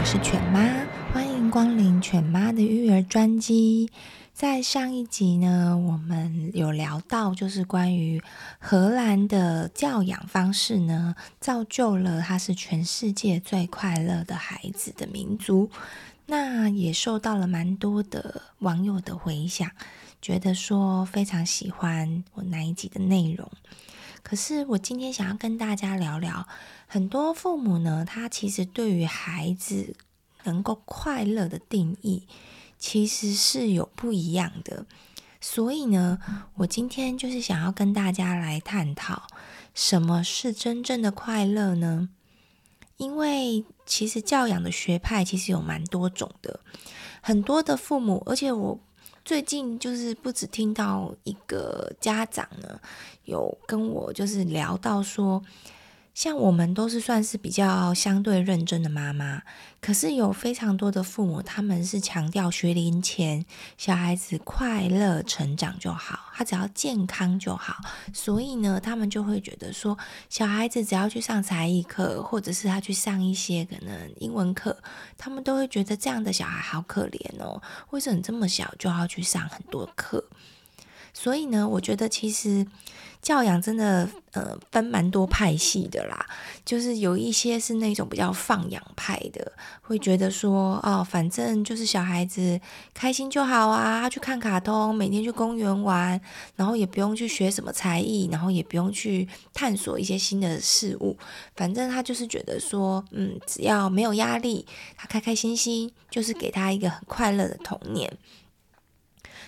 我是犬媽，歡迎光臨犬媽的育兒專輯。在上一集呢，我們有聊到，就是關於荷蘭的教養方式呢，造就了它是全世界最快樂的孩子的民族。那也受到了蠻多的網友的回響，覺得說非常喜歡我那一集的內容。可是我今天想要跟大家聊聊，很多父母呢，他其實對於孩子能夠快樂的定義，其實是有不一樣的。所以呢，我今天就是想要跟大家來探討，什麼是真正的快樂呢？因為其實教養的學派其實有蠻多種的，很多的父母，而且我。最近就是不止聽到一個家長呢，有跟我就是聊到說。像我們都是算是比較相對認真的媽媽，可是有非常多的父母，他們是強調學齡前小孩子快樂成長就好，他只要健康就好，所以呢，他們就會覺得說，小孩子只要去上才藝課，或者是他去上一些可能英文課，他們都會覺得這樣的小孩好可憐哦，為什麼這麼小就要去上很多課？所以呢，我覺得其實教養真的呃分蠻多派系的啦，就是有一些是那種比較放養派的，會覺得說哦，反正就是小孩子開心就好啊，去看卡通，每天去公園玩，然後也不用去學什麼才藝，然後也不用去探索一些新的事物，反正他就是覺得說，嗯，只要沒有壓力，他開開心心，就是給他一個很快樂的童年。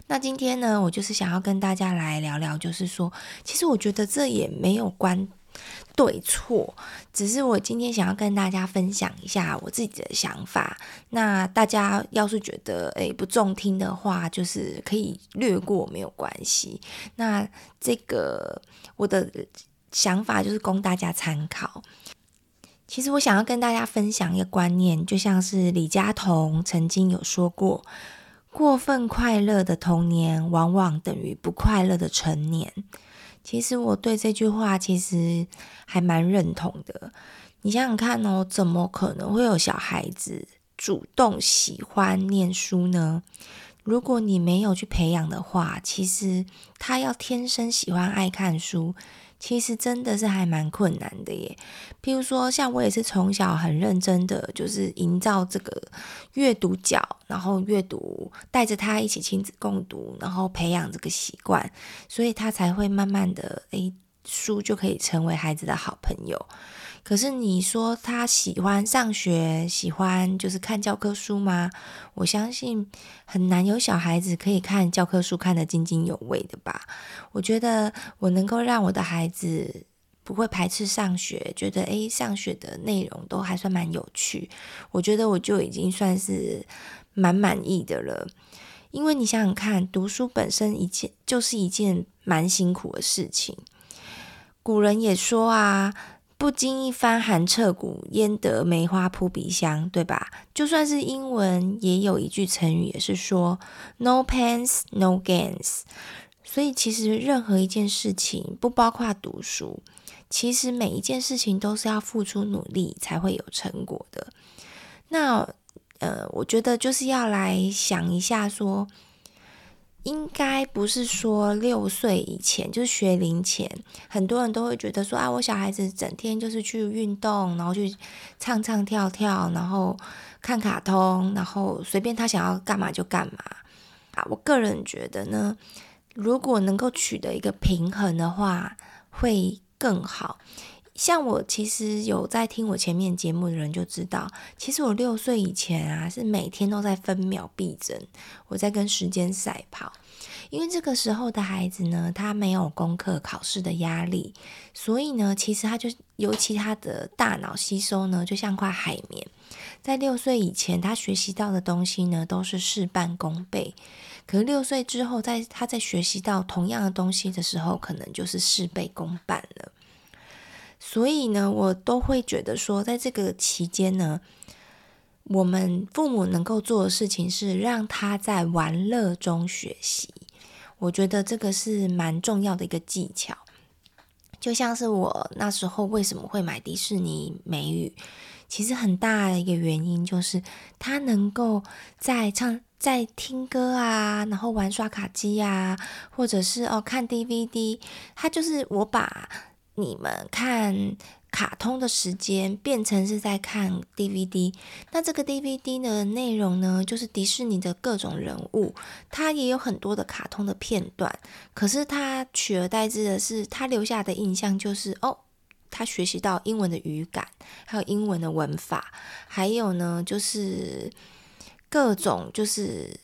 那今天呢，我就是想要跟大家來聊聊，就是說，其實我覺得這也沒有關對錯，只是我今天想要跟大家分享一下我自己的想法。那大家要是覺得誒不中聽的話，就是可以略過沒有關係。那這個我的想法就是供大家參考。其實我想要跟大家分享一個觀念，就像是李佳彤曾經有說過。過分快樂的童年，往往等於不快樂的成年。其實我對這句話其實還蠻認同的。你想想看哦，怎麼可能會有小孩子主動喜歡念書呢？如果你沒有去培養的話，其實他要天生喜歡愛看書。其實真的是還蠻困難的耶。譬如說，像我也是從小很認真的，就是營造這個閱讀角，然後閱讀帶着他一起親子共讀，然後培養這個習慣，所以他才會慢慢的，誒，書就可以成為孩子的好朋友。可是你說他喜歡上學，喜歡就是看教科書嗎？我相信很難有小孩子可以看教科書看得津津有味的吧。我覺得我能夠讓我的孩子不會排斥上學，覺得誒，上學的內容都還算蠻有趣。我覺得我就已經算是蠻滿意的了。因為你想想看，讀書本身一件就是一件蠻辛苦的事情。古人也說啊。不經一番寒徹骨，焉得梅花撲鼻香，對吧？就算是英文，也有一句成語，也是說 “no pains, no gains”。所以，其實任何一件事情，不包括讀書，其實每一件事情都是要付出努力才會有成果的。那，呃，我覺得就是要來想一下說。應該不是說六歲以前，就是學齡前，很多人都會覺得說啊，我小孩子整天就是去運動，然後去唱唱跳跳，然後看卡通，然後隨便他想要幹嘛就幹嘛。啊，我個人覺得呢，如果能夠取得一個平衡的話，會更好。像我其實有在聽我前面節目的人就知道，其實我六歲以前啊，是每天都在分秒必爭，我在跟時間賽跑。因為這個時候的孩子呢，他沒有功課考試的壓力，所以呢，其實他就尤其他的大腦吸收呢，就像塊海綿。在六歲以前，他學習到的東西呢，都是事半功倍。可是六歲之後，在他在學習到同樣的東西的時候，可能就是事倍功半了。所以呢，我都會覺得說，在這個期間呢，我們父母能夠做的事情是讓他在玩樂中學習。我覺得這個是蠻重要的一個技巧。就像是我那時候為什麼會買迪士尼美語，其實很大的一個原因就是他能夠在唱、在聽歌啊，然後玩刷卡機啊，或者是哦，看 DVD，他就是我把。你們看卡通的時間變成是在看 DVD，那這個 DVD 的內容呢，就是迪士尼的各種人物，它也有很多的卡通的片段。可是他取而代之的是，他留下的印象就是哦，他學習到英文的語感，還有英文的文法，還有呢，就是各種就是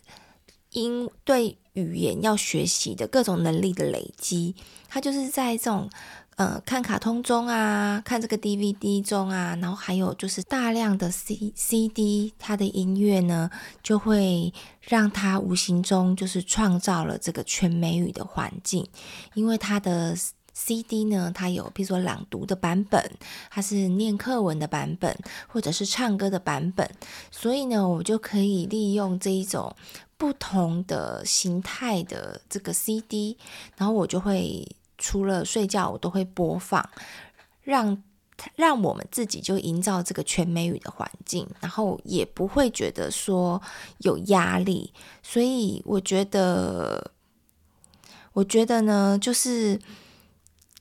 英對語言要學習的各種能力的累積。他就是在這種。呃，看卡通中啊，看這個 DVD 中啊，然後還有就是大量的 C C D，它的音樂呢，就會讓他無形中就是創造了這個全美語的環境，因為它的 C D 呢，它有比如說朗讀的版本，它是念課文的版本，或者是唱歌的版本，所以呢，我就可以利用這一種不同的形態的這個 C D，然後我就會。除了睡覺，我都會播放，讓讓我們自己就營造這個全美語的環境，然後也不會覺得說有壓力，所以我覺得，我覺得呢，就是。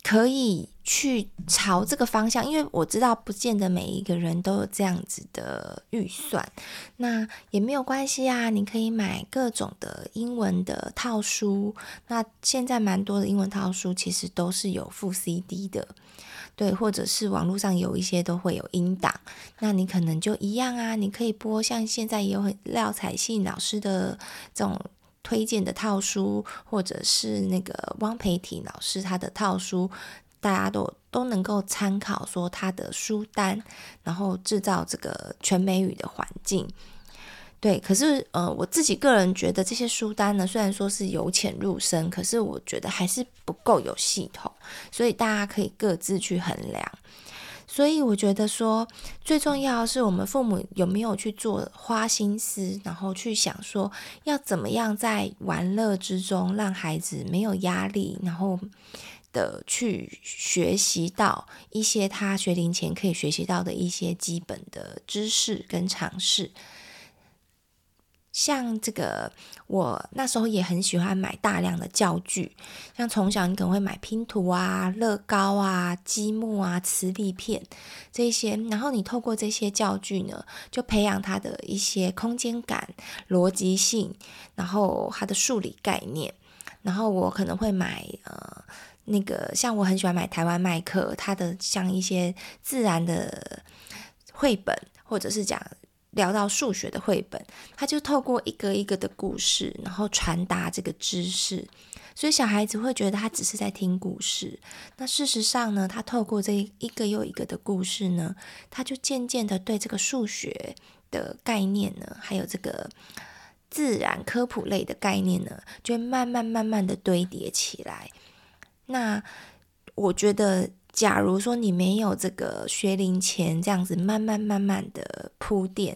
可以去朝這個方向，因為我知道不見得每一個人都有這樣子的預算，那也沒有關係啊，你可以買各種的英文的套書。那現在蠻多的英文套書其實都是有附 CD 的，對，或者是網絡上有一些都會有音檔，那你可能就一樣啊，你可以播，像現在也有廖彩杏老師的這種。推薦的套書，或者是那個汪培珽老師他的套書，大家都都能夠參考，說他的書單，然後製造這個全美語的環境。對，可是呃，我自己個人覺得這些書單呢，雖然說是由淺入深，可是我覺得還是不夠有系統，所以大家可以各自去衡量。所以我覺得說，最重要是我們父母有沒有去做花心思，然後去想說，要怎麼樣在玩樂之中讓孩子沒有壓力，然後的去學習到一些他學齡前可以學習到的一些基本的知識跟常識。像這個，我那時候也很喜歡買大量的教具，像從小你可能會買拼圖啊、樂高啊、積木啊、磁力片這些，然後你透過這些教具呢，就培養他的一些空間感、邏輯性，然後他的數理概念。然後我可能會買呃，那個像我很喜歡買台灣麥克，他的像一些自然的繪本，或者是講。聊到數學的繪本，他就透過一個一個的故事，然後傳達這個知識，所以小孩子會覺得他只是在聽故事。那事實上呢，他透過這一個又一個的故事呢，他就漸漸的對這個數學的概念呢，還有這個自然科普類的概念呢，就會慢慢慢慢的堆疊起來。那我覺得。假如說你沒有這個學齡前這樣子慢慢慢慢的鋪墊，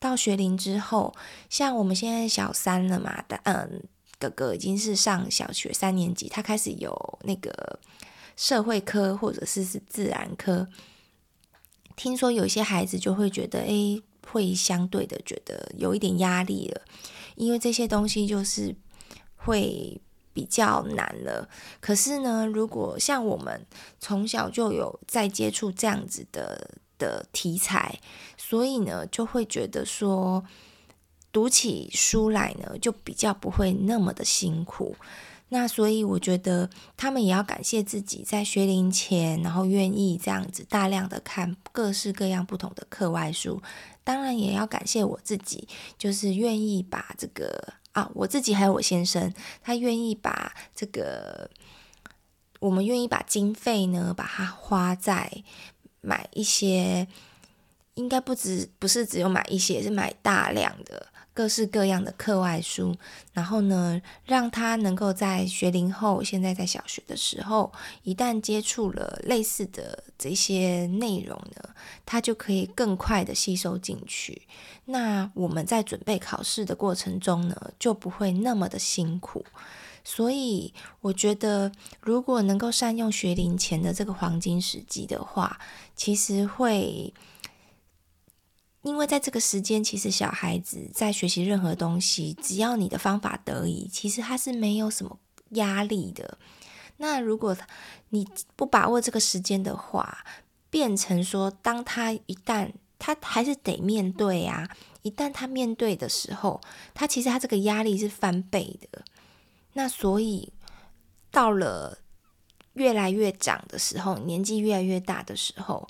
到學齡之後，像我們現在小三了嘛，的嗯，哥哥已經是上小學三年級，他開始有那個社會科或者是是自然科，聽說有些孩子就會覺得，哎，會相對的覺得有一點壓力了，因為這些東西就是會。比較難了，可是呢，如果像我們從小就有在接觸這樣子的的題材，所以呢，就會覺得說讀起書來呢，就比較不會那麼的辛苦。那所以我覺得他們也要感謝自己在學齡前，然後願意這樣子大量的看各式各樣不同的課外書。當然，也要感謝我自己，就是願意把這個。啊，我自己還有我先生，他願意把這個，我們願意把經費呢，把它花在買一些，應該不只，不是只有買一些，是買大量的。各式各樣的課外書，然後呢，讓他能夠在學齡後，現在在小學的時候，一旦接觸了類似的這些內容呢，他就可以更快的吸收進去。那我們在準備考試的過程中呢，就不會那麼的辛苦。所以我覺得如果能夠善用學齡前的這個黃金時機的話，其實會。因為在這個時間，其實小孩子在學習任何東西，只要你的方法得宜，其實他是沒有什麼壓力的。那如果你不把握這個時間的話，變成說，當他一旦他還是得面對啊，一旦他面對的時候，他其實他這個壓力是翻倍的。那所以到了越來越長的時候，年紀越來越大的時候，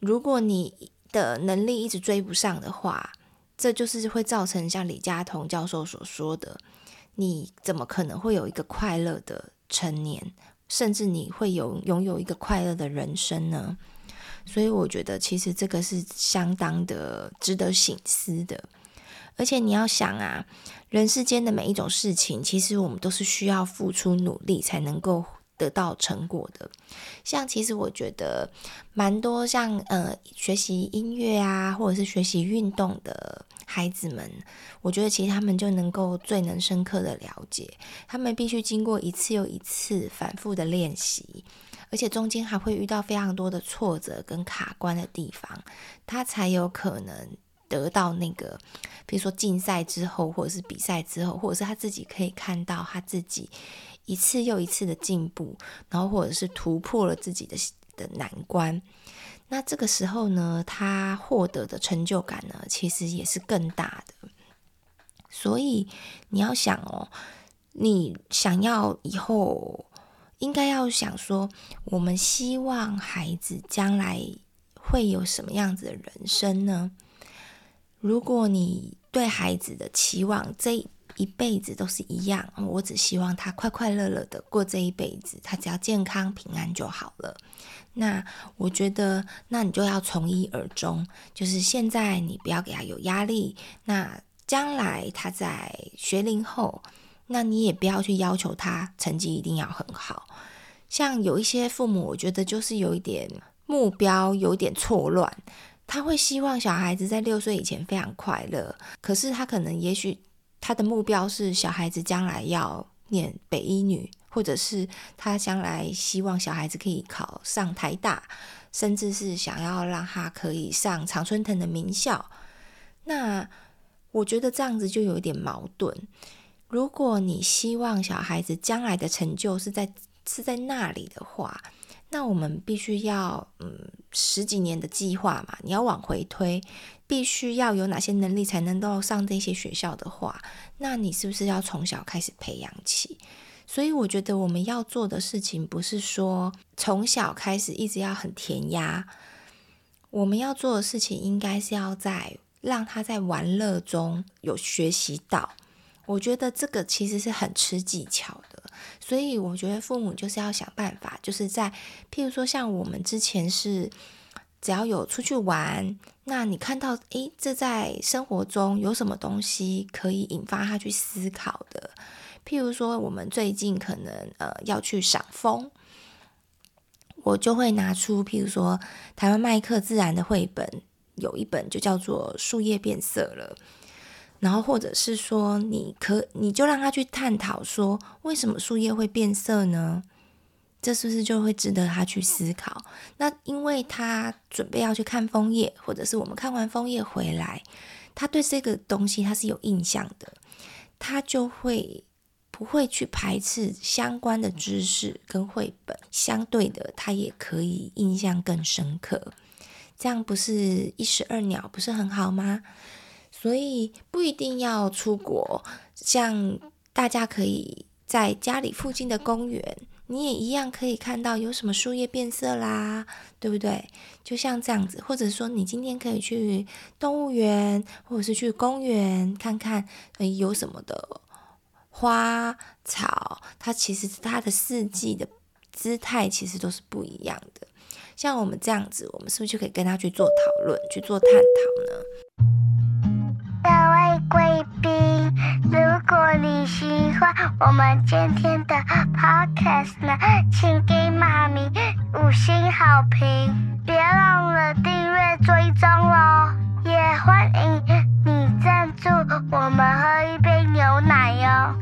如果你。的能力一直追不上的話，這就是會造成像李嘉彤教授所說的，你怎麼可能會有一個快樂的成年，甚至你會有擁有一個快樂的人生呢？所以我覺得其實這個是相當的值得省思的。而且你要想啊，人世間的每一種事情，其實我們都是需要付出努力才能夠。得到成果的。像其實我覺得蠻多像呃學習音樂啊，或者是學習運動的孩子們，我覺得其實他們就能夠最能深刻的了解，他們必須經過一次又一次反復的練習，而且中間還會遇到非常多的挫折跟卡關的地方，他才有可能得到那個，比如說競賽之後，或者是比賽之後，或者是他自己可以看到他自己。一次又一次的進步，然後或者是突破了自己的的難關，那這個時候呢，他獲得的成就感呢，其實也是更大的。所以你要想哦，你想要以後應該要想說，我們希望孩子將來會有什麼樣子的人生呢？如果你對孩子的期望這一，一輩子都是一樣，我只希望他快快樂樂的過這一輩子，他只要健康平安就好了。那我覺得，那你就要從一而終，就是現在你不要給他有壓力，那將來他在學齡後，那你也不要去要求他成績一定要很好。像有一些父母，我覺得就是有一點目標，有一點錯亂，他會希望小孩子在六歲以前非常快樂，可是他可能也許。他的目標是小孩子將來要念北一女，或者是他將來希望小孩子可以考上台大，甚至是想要讓他可以上常春藤的名校。那我覺得這樣子就有一點矛盾。如果你希望小孩子將來的成就是在是在那裡的話，那我們必須要，嗯，十幾年的計劃嘛，你要往回推，必須要有哪些能力才能夠上這些學校的話，那你是不是要從小開始培養起？所以我覺得我們要做的事情不是說從小開始一直要很填鴨，我們要做的事情應該是要在讓他在玩樂中有學習到。我覺得這個其實是很吃技巧的。所以我覺得父母就是要想辦法，就是在譬如說像我們之前是，只要有出去玩，那你看到誒，這在生活中有什麼東西可以引發他去思考的？譬如說我們最近可能呃要去賞楓，我就會拿出譬如說台灣麥克自然的繪本，有一本就叫做《樹葉變色了》。然後，或者是說，你可你就讓他去探討說，為什麼樹葉會變色呢？這是不是就會值得他去思考？那因為他準備要去看楓葉，或者是我們看完楓葉回來，他對這個東西他是有印象的，他就會不會去排斥相關的知識跟繪本，相對的，他也可以印象更深刻，這樣不是一石二鳥，不是很好嗎？所以不一定要出國，像大家可以在家裡附近的公園，你也一樣可以看到有什麼樹葉變色啦，對不對？就像這樣子，或者說你今天可以去動物園，或者是去公園看看有什麼的花草，它其實它的四季的姿態其實都是不一樣的。像我們這樣子，我們是不是就可以跟他去做討論，去做探討呢？貴賓，如果你喜歡我們今天的 podcast 呢，請給媽咪五星好評，別忘了訂閱追蹤哦。也歡迎你贊助我們喝一杯牛奶喲、哦。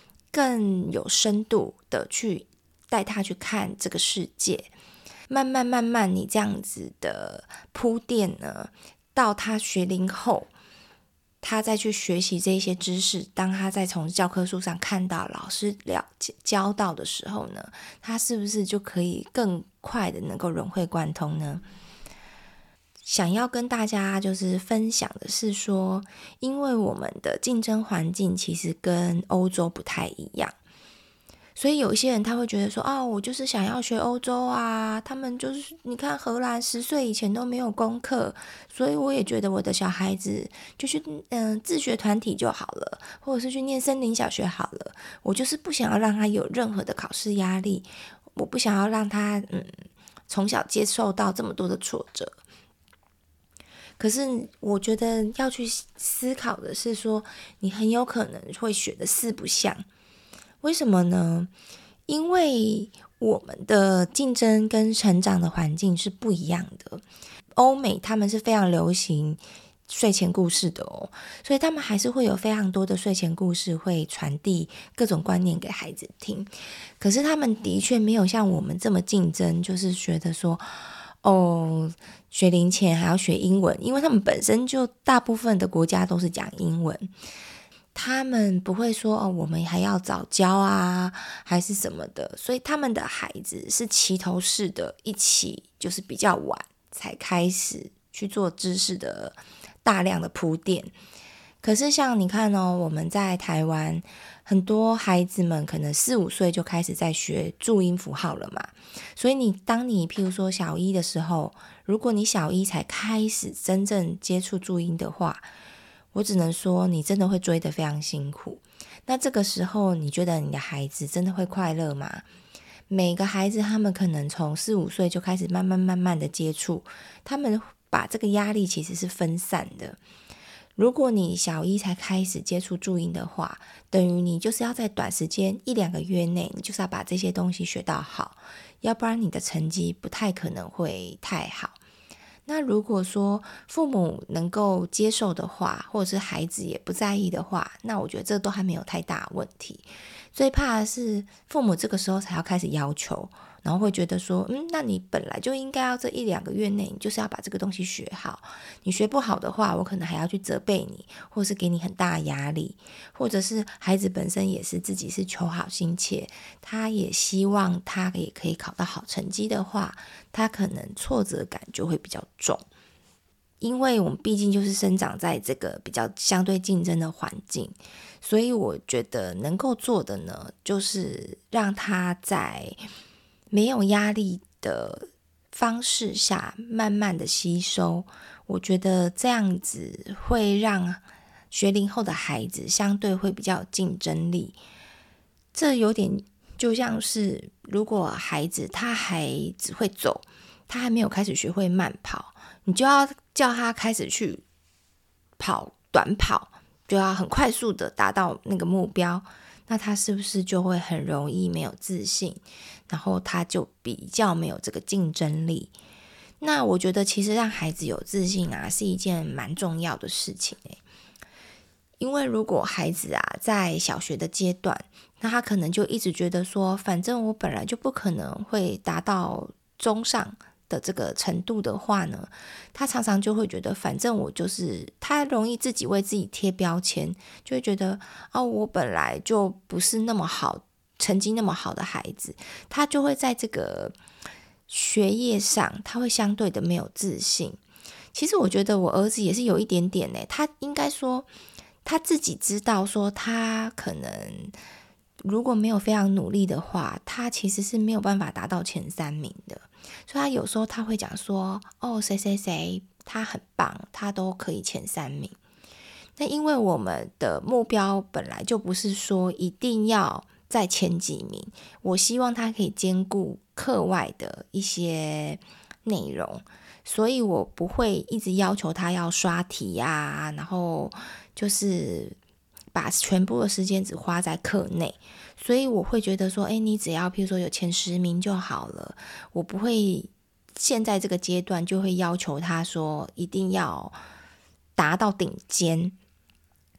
更有深度的去帶他去看這個世界，慢慢慢慢，你這樣子的鋪墊呢，到他學齡後，他再去學習這些知識，當他再從教科書上看到、老師了教到的時候呢，他是不是就可以更快的能夠融會貫通呢？想要跟大家就是分享的是說，因為我們的競爭環境其實跟歐洲不太一樣，所以有一些人他會覺得說哦，我就是想要學歐洲啊，他們就是你看荷蘭十歲以前都沒有功課，所以我也覺得我的小孩子就是嗯、呃、自學團體就好了，或者是去念森林小學好了，我就是不想要讓他有任何的考試壓力，我不想要讓他嗯從小接受到這麼多的挫折。可是，我覺得要去思考的是說，說你很有可能會學的四不像，為什麼呢？因為我們的競爭跟成長的環境是不一樣的。歐美他們是非常流行睡前故事的哦，所以他們還是會有非常多的睡前故事會傳遞各種觀念給孩子聽。可是他們的確沒有像我們這麼競爭，就是覺得說。哦，學齡前還要學英文，因為他們本身就大部分的國家都是講英文，他們不會說哦，我們還要早教啊，還是什麼的，所以他們的孩子是齊頭式的，一起就是比較晚才開始去做知識的大量的鋪墊。可是，像你看哦，我們在台灣，很多孩子們可能四五歲就開始在學注音符號了嘛。所以你，你當你譬如說小一的時候，如果你小一才開始真正接觸注音的話，我只能說你真的會追得非常辛苦。那這個時候，你覺得你的孩子真的會快樂嗎？每個孩子，他們可能從四五歲就開始慢慢慢慢的接觸，他們把這個壓力其實是分散的。如果你小一才開始接觸注音的話，等於你就是要在短時間一兩個月內，你就是要把這些東西學到好，要不然你的成績不太可能會太好。那如果說父母能夠接受的話，或者是孩子也不在意的話，那我覺得這都還沒有太大問題。最怕的是父母這個時候才要開始要求。然後會覺得說，嗯，那你本來就應該要這一兩個月內，你就是要把這個東西學好。你學不好的話，我可能還要去責備你，或者是給你很大壓力，或者是孩子本身也是自己是求好心切，他也希望他也可以考到好成績的話，他可能挫折感就會比較重。因為我們畢竟就是生長在這個比較相對競爭的環境，所以我覺得能夠做的呢，就是讓他在。沒有壓力的方式下，慢慢的吸收，我覺得這樣子會讓學齡後的孩子相對會比較有競爭力。這有點就像是，如果孩子他還只會走，他還沒有開始學會慢跑，你就要叫他開始去跑短跑，就要很快速的達到那個目標。那他是不是就會很容易沒有自信，然後他就比較沒有這個競爭力？那我覺得其實讓孩子有自信啊，是一件蠻重要的事情欸。因為如果孩子啊在小學的階段，那他可能就一直覺得說，反正我本來就不可能會達到中上。的這個程度的話呢，他常常就會覺得，反正我就是，他容易自己為自己貼標籤，就會覺得哦，我本來就不是那麼好、成績那麼好的孩子，他就會在這個學業上，他會相對的沒有自信。其實我覺得我兒子也是有一點點呢，他應該說他自己知道說，他可能如果沒有非常努力的話，他其實是沒有辦法達到前三名的。所以他有時候他會講說：“哦，誰誰誰，他很棒，他都可以前三名。”那因為我們的目標本來就不是說一定要在前幾名，我希望他可以兼顧課外的一些內容，所以我不會一直要求他要刷題呀、啊，然後就是。把全部的時間只花在課內，所以我會覺得說，哎，你只要譬如說有前十名就好了。我不會現在這個階段就會要求他說一定要達到頂尖。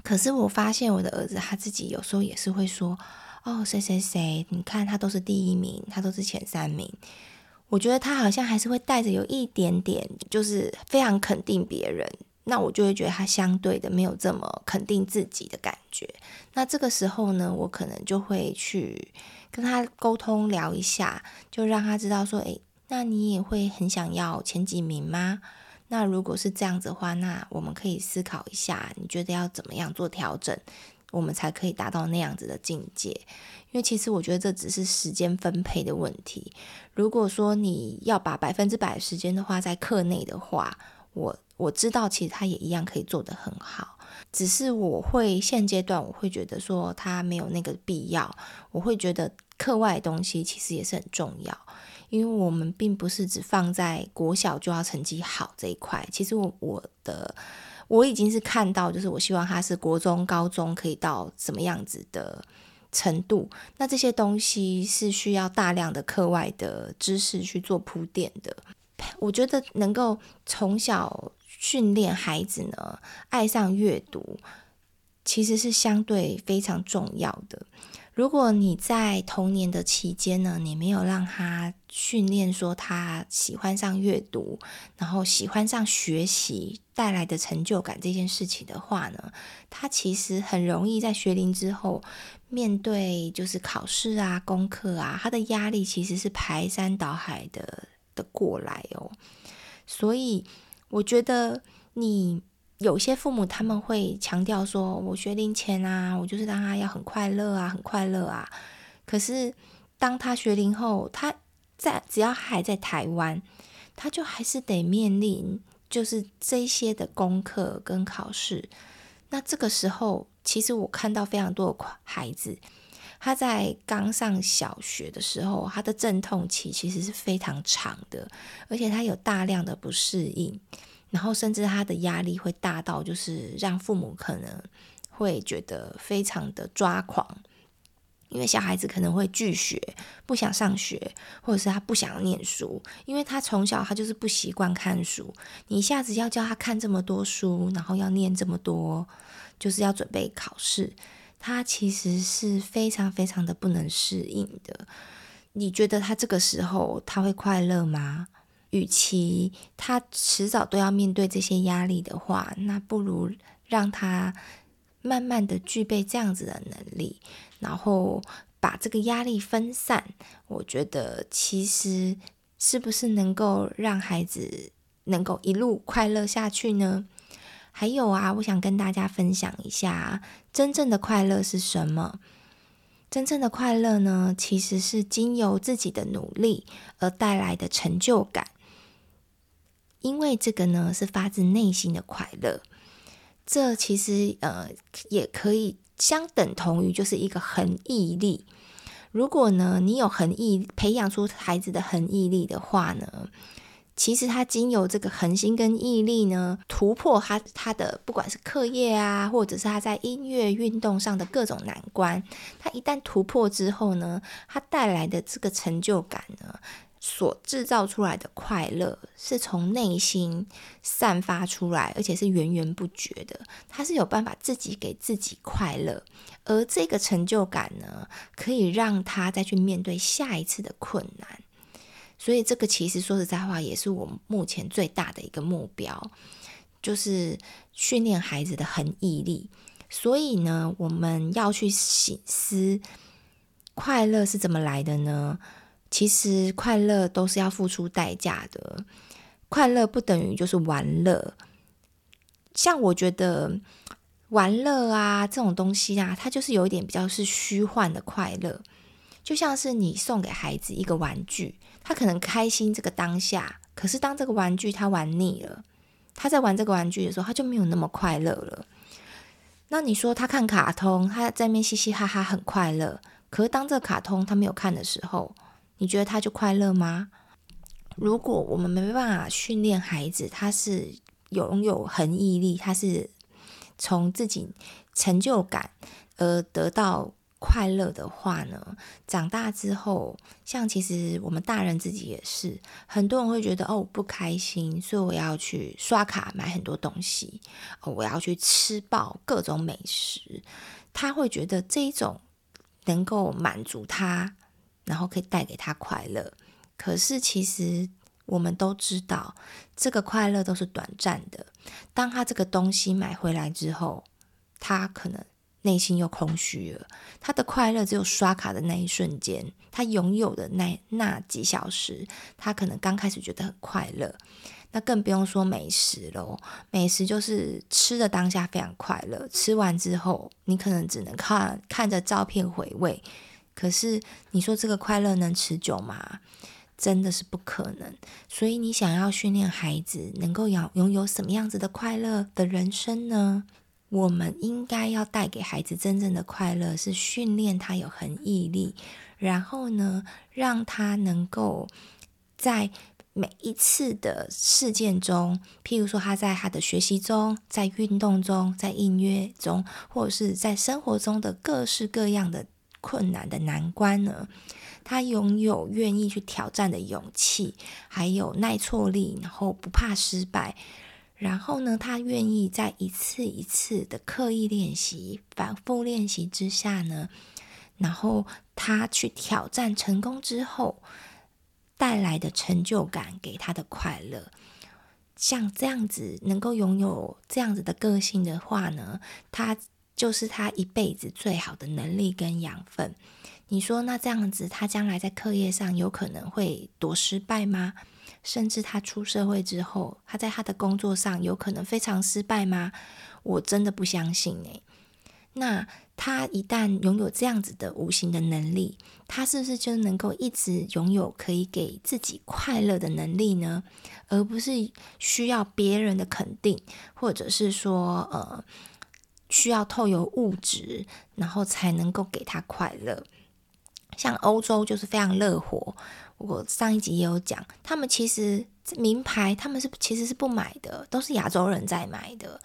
可是我發現我的兒子他自己有時候也是會說，哦，誰誰誰，你看他都是第一名，他都是前三名。我覺得他好像還是會帶着有一點點，就是非常肯定別人。那我就會覺得他相對的沒有這麼肯定自己的感覺。那這個時候呢，我可能就會去跟他溝通聊一下，就讓他知道說：“誒，那你也會很想要前幾名嗎？”那如果是這樣子的話，那我們可以思考一下，你覺得要怎麼樣做調整，我們才可以達到那樣子的境界。因為其實我覺得這只是時間分配的問題。如果說你要把百分之百的時間都花在課內的話，我。我知道，其實他也一樣可以做得很好，只是我會現階段我會覺得說他沒有那個必要。我會覺得課外的東西其實也是很重要，因為我們並不是只放在國小就要成績好這一塊。其實我我的我已經是看到，就是我希望他是國中、高中可以到什麼樣子的程度。那這些東西是需要大量的課外的知識去做鋪墊的。我覺得能夠從小訓練孩子呢，愛上閱讀其實是相對非常重要的。如果你在童年的期間呢，你沒有讓他訓練說他喜歡上閱讀，然後喜歡上學習帶來的成就感這件事情的話呢，他其實很容易在學齡之後面對就是考試啊、功課啊，他的壓力其實是排山倒海的的過來哦，所以。我覺得你有些父母他們會強調說：“我學齡前啊，我就是讓他要很快樂啊，很快樂啊。”可是當他學齡後，他在只要還在台灣，他就還是得面臨就是這些的功課跟考試。那這個時候，其實我看到非常多的孩子。他在剛上小學的時候，他的陣痛期其實是非常長的，而且他有大量的不適應，然後甚至他的壓力會大到，就是讓父母可能會覺得非常的抓狂，因為小孩子可能會拒學，不想上學，或者是他不想念書，因為他從小他就是不習慣看書，你一下子要叫他看這麼多書，然後要念這麼多，就是要準備考試。他其實是非常非常的不能適應的。你覺得他這個時候他會快樂嗎？與其他遲早都要面對這些壓力的話，那不如讓他慢慢的具備這樣子的能力，然後把這個壓力分散，我覺得其實是不是能夠讓孩子能夠一路快樂下去呢？還有啊，我想跟大家分享一下真正的快樂是什麼？真正的快樂呢，其實是經由自己的努力而帶來的成就感，因為這個呢是發自內心的快樂。這其實呃也可以相等同於就是一個恆毅力。如果呢你有恆毅，培養出孩子的恆毅力的話呢，其實他經由這個恆心跟毅力呢，突破他他的不管是課業啊，或者是他在音樂運動上的各種難關，他一旦突破之後呢，他帶來的這個成就感呢，所制造出來的快樂是從內心散發出來，而且是源源不絕的。他是有辦法自己給自己快樂，而這個成就感呢，可以讓他再去面對下一次的困難。所以，這個其實說實在話，也是我們目前最大的一個目標，就是訓練孩子的恆毅力。所以呢，我們要去省思，快樂是怎麼來的呢？其實，快樂都是要付出代價的。快樂不等於就是玩樂，像我覺得玩樂啊這種東西啊，它就是有一點比較是虛幻的快樂，就像是你送給孩子一個玩具。他可能開心這個當下，可是當這個玩具他玩膩了，他在玩這個玩具的時候，他就沒有那麼快樂了。那你說他看卡通，他在那邊嘻嘻哈哈很快樂，可是當這個卡通他沒有看的時候，你覺得他就快樂嗎？如果我們沒辦法訓練孩子，他是擁有恆毅力，他是從自己成就感而得到，快樂的話呢，長大之後，像其實我們大人自己也是，很多人會覺得哦，不開心，所以我要去刷卡買很多東西，我要去吃爆各種美食。他會覺得這一種能夠滿足他，然後可以帶給他快樂。可是其實我們都知道，這個快樂都是短暫的。當他這個東西買回來之後，他可能。內心又空虛了，他的快樂只有刷卡的那一瞬間，他擁有的那那幾小時，他可能剛開始覺得很快樂，那更不用說美食嘍。美食就是吃的當下非常快樂，吃完之後你可能只能看看着照片回味，可是你說這個快樂能持久嗎？真的是不可能。所以你想要訓練孩子能夠養擁有什麼樣子的快樂的人生呢？我們應該要帶給孩子真正的快樂，是訓練他有恆毅力，然後呢，讓他能夠在每一次的事件中，譬如說他在他的學習中、在運動中、在音樂中，或者是在生活中的各式各樣的困難的難關呢，他擁有願意去挑戰的勇氣，還有耐挫力，然後不怕失敗。然後呢，他願意在一次一次的刻意練習、反覆練習之下呢，然後他去挑戰成功之後帶來的成就感，給他的快樂。像這樣子能夠擁有這樣子的個性的話呢，他就是他一輩子最好的能力跟養分。你說，那這樣子他將來在課業上有可能會多失敗嗎？甚至他出社會之後，他在他的工作上有可能非常失敗嗎？我真的不相信誒、欸，那他一旦擁有這樣子的無形的能力，他是不是就能夠一直擁有可以給自己快樂的能力呢？而不是需要別人的肯定，或者是說呃需要透由物質，然後才能夠給他快樂。像歐洲就是非常樂活。我上一集也有講，他們其實名牌他們是其實是不買的，都是亞洲人在買的。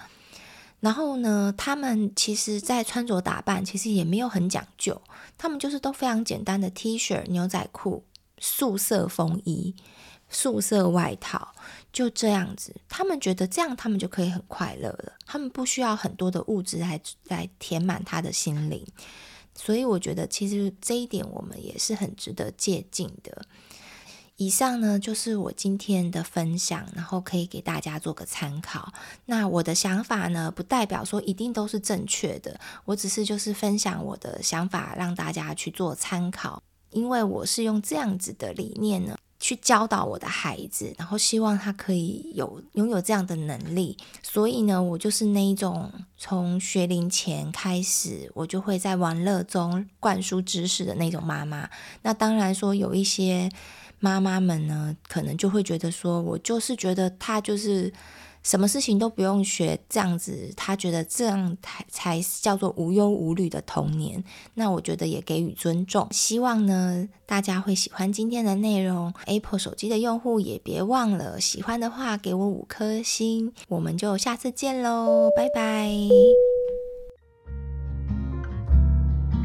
然後呢，他們其實，在穿着打扮其實也沒有很講究，他們就是都非常簡單的 T 恤、牛仔褲、素色風衣、素色外套，就這樣子。他們覺得這樣他們就可以很快樂了，他們不需要很多的物質來來填滿他的心靈。所以我覺得，其實這一點我們也是很值得借鑒的。以上呢，就是我今天的分享，然後可以給大家做個參考。那我的想法呢，不代表說一定都是正確的，我只是就是分享我的想法，讓大家去做參考。因為我是用這樣子的理念呢，去教導我的孩子，然後希望他可以有擁有這樣的能力。所以呢，我就是那一種從學齡前開始，我就會在玩樂中灌輸知識的那種媽媽。那當然說有一些。媽媽們呢，可能就會覺得說，我就是覺得他就是什麼事情都不用學，這樣子，他覺得這樣才才叫做無憂無慮的童年。那我覺得也給予尊重，希望呢大家會喜歡今天的內容。Apple 手機的用戶也別忘了，喜歡的話給我五顆星，我們就下次見嘍，拜拜。